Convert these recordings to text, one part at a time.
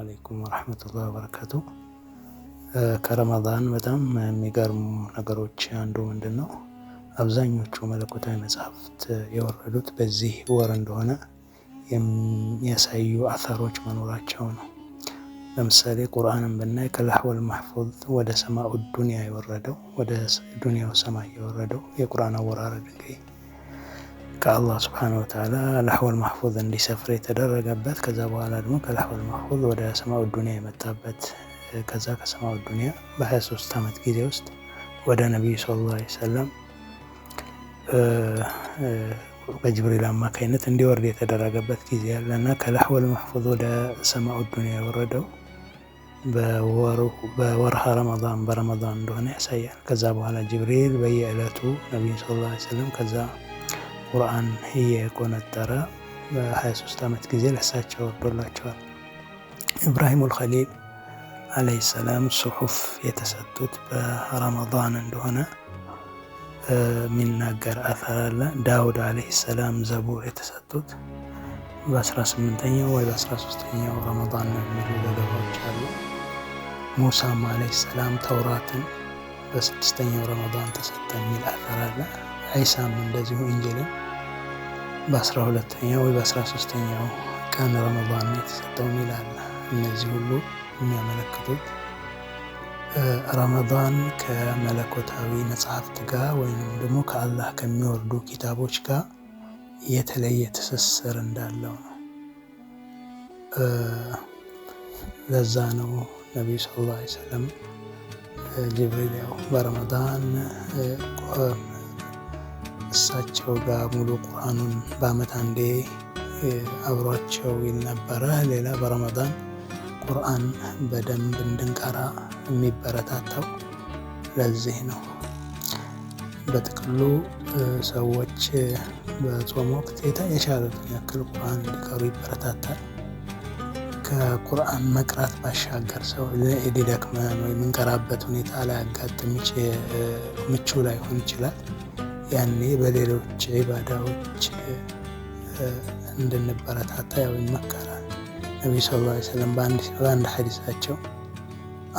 አለይኩም ወረህመቱላህ ወበረካቱ። ከረመዳን በጣም የሚገርሙ ነገሮች አንዱ ምንድን ነው፣ አብዛኞቹ መለኮታዊ መጽሐፍት የወረዱት በዚህ ወር እንደሆነ የሚያሳዩ አሰሮች መኖራቸው ነው። ለምሳሌ ቁርአንን ብናይ ከላህወል ማህፉዝ ወደ ሰማኡ ዱኒያ የወረደው ወደ ዱንያው ሰማይ የወረደው የቁርአን አወራረድ እንግዲህ አላህ ስብሐነሁ ወተዓላ ላህወል ማህፉዝ እንዲሰፍር የተደረገበት ከዛ በኋላ ደግሞ ከላህወል ማህፉዝ ወደ ሰማኡ ዱኒያ የመጣበት ከዛ ከሰማኡ ዱኒያ በ23 ዓመት ጊዜ ውስጥ ወደ ነቢዩ ሰለላሁ ዐለይሂ ወሰለም በጅብሪል አማካኝነት እንዲወርድ የተደረገበት ጊዜ ያለ እና ማህፉዝ ወደ ሰማኡ ዱኒያ የወረደው በወርሃ ረመዳን በረመዳን እንደሆነ ያሳያል። ከዛ በኋላ ጅብሪል በየዕለቱ ነቢዩ ሰለላሁ ዐለይሂ ወሰለም ከዛ ቁርአን እየቆነጠረ በ23 ዓመት ጊዜ ለሳቸው ወርዶላቸዋል። ኢብራሂሙል ኸሊል ዓለይሂ ሰላም ሱሑፍ የተሰጡት በረመዳን እንደሆነ የሚናገር አፈር አለ። ዳውድ ዓለይሂ ሰላም ዘቡር የተሰጡት በ18ኛው ወይ በ13ኛው ረመዳን ነው የሚሉ ዘገባዎች አሉ። ሙሳም ዓለይሂ ሰላም ተውራትን በስድስተኛው ረመዳን ተሰጠ የሚል አፈር አለ። አይሳም እንደዚሁ እንጀልን በአስራ ሁለተኛው ወይ በአስራ ሶስተኛው ቀን ረመዳን የተሰጠው ይላል። እነዚህ ሁሉ የሚያመለክቱት ረመዳን ከመለኮታዊ መጽሐፍት ጋር ወይም ደግሞ ከአላህ ከሚወርዱ ኪታቦች ጋር የተለየ ትስስር እንዳለው ነው። ለዛ ነው ነቢዩ ሰለላሁ ዐለይሂ ወሰለም ጅብሪል ያው በረመዳን እሳቸው ጋር ሙሉ ቁርአኑን በአመት አንዴ አብሯቸው ይነበረ። ሌላ በረመዳን ቁርአን በደንብ እንድንቀራ የሚበረታታው ለዚህ ነው። በጥቅሉ ሰዎች በጾም ወቅት የቻሉትን ያክል ቁርአን እንዲቀሩ ይበረታታል። ከቁርአን መቅራት ባሻገር ሰው ሊደክመን ወይ የምንቀራበት ሁኔታ ላያጋጥም ምቹ ላይሆን ይችላል። ያኔ በሌሎች ኢባዳዎች እንድንበረታታ ያው ይመከራል። ነቢ ሰለላሁ ዐለይሂ ወሰለም በአንድ ሐዲሳቸው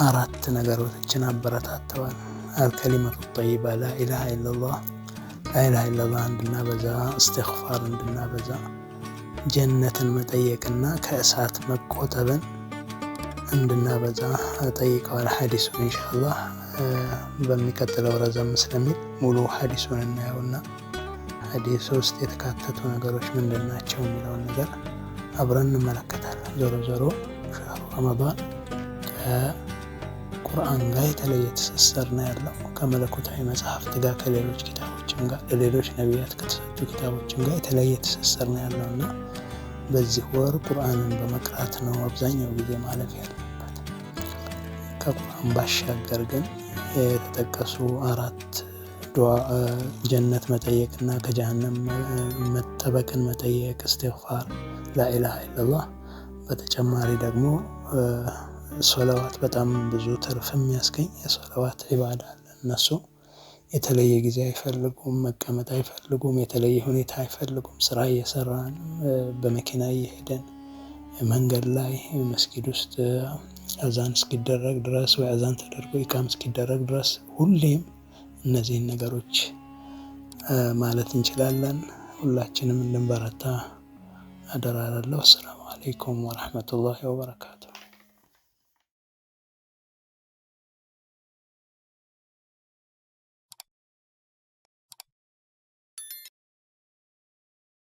አራት ነገሮችን አበረታተዋል። አልከሊመቱ ጠይባ፣ ላኢላሃ ኢለላህ ላኢላሃ ኢለላህ እንድናበዛ፣ እስትግፋር እንድናበዛ፣ ጀነትን መጠየቅና ከእሳት መቆጠብን እንድናበዛ ጠይቀዋል። ሐዲሱን ኢንሻአላህ በሚቀጥለው ረዘም ስለሚል ሙሉ ሀዲሱን እናየውና ሀዲሱ ውስጥ የተካተቱ ነገሮች ምንድን ናቸው የሚለውን ነገር አብረን እንመለከታለን። ዞሮ ዞሮ ሻሩ ረመዳን ከቁርአን ጋር የተለየ ትስስር ነው ያለው ከመለኮታዊ መጽሐፍት ጋር ከሌሎች ኪታቦችም ጋር ለሌሎች ነቢያት ከተሰጡ ኪታቦችም ጋር የተለየ ትስስር ነው ያለው እና በዚህ ወር ቁርአንን በመቅራት ነው አብዛኛው ጊዜ ማለፍ ያለበት። ከቁርአን ባሻገር ግን የተጠቀሱ አራት ጀነት መጠየቅ እና ከጀሃነም መጠበቅን መጠየቅ፣ እስትግፋር፣ ላኢላሃ ኢለላህ። በተጨማሪ ደግሞ ሶለዋት በጣም ብዙ ትርፍ የሚያስገኝ የሶለዋት ዒባዳ አለ። እነሱ የተለየ ጊዜ አይፈልጉም፣ መቀመጥ አይፈልጉም፣ የተለየ ሁኔታ አይፈልጉም። ስራ እየሰራን በመኪና እየሄደን መንገድ ላይ መስጊድ ውስጥ አዛን እስኪደረግ ድረስ ወይ አዛን ተደርጎ ኢቃም እስኪደረግ ድረስ ሁሌም እነዚህን ነገሮች ማለት እንችላለን። ሁላችንም እንድንበረታ አደራ እላለሁ። አሰላሙ አለይኩም ወረሕመቱላሂ ወበረካቱ።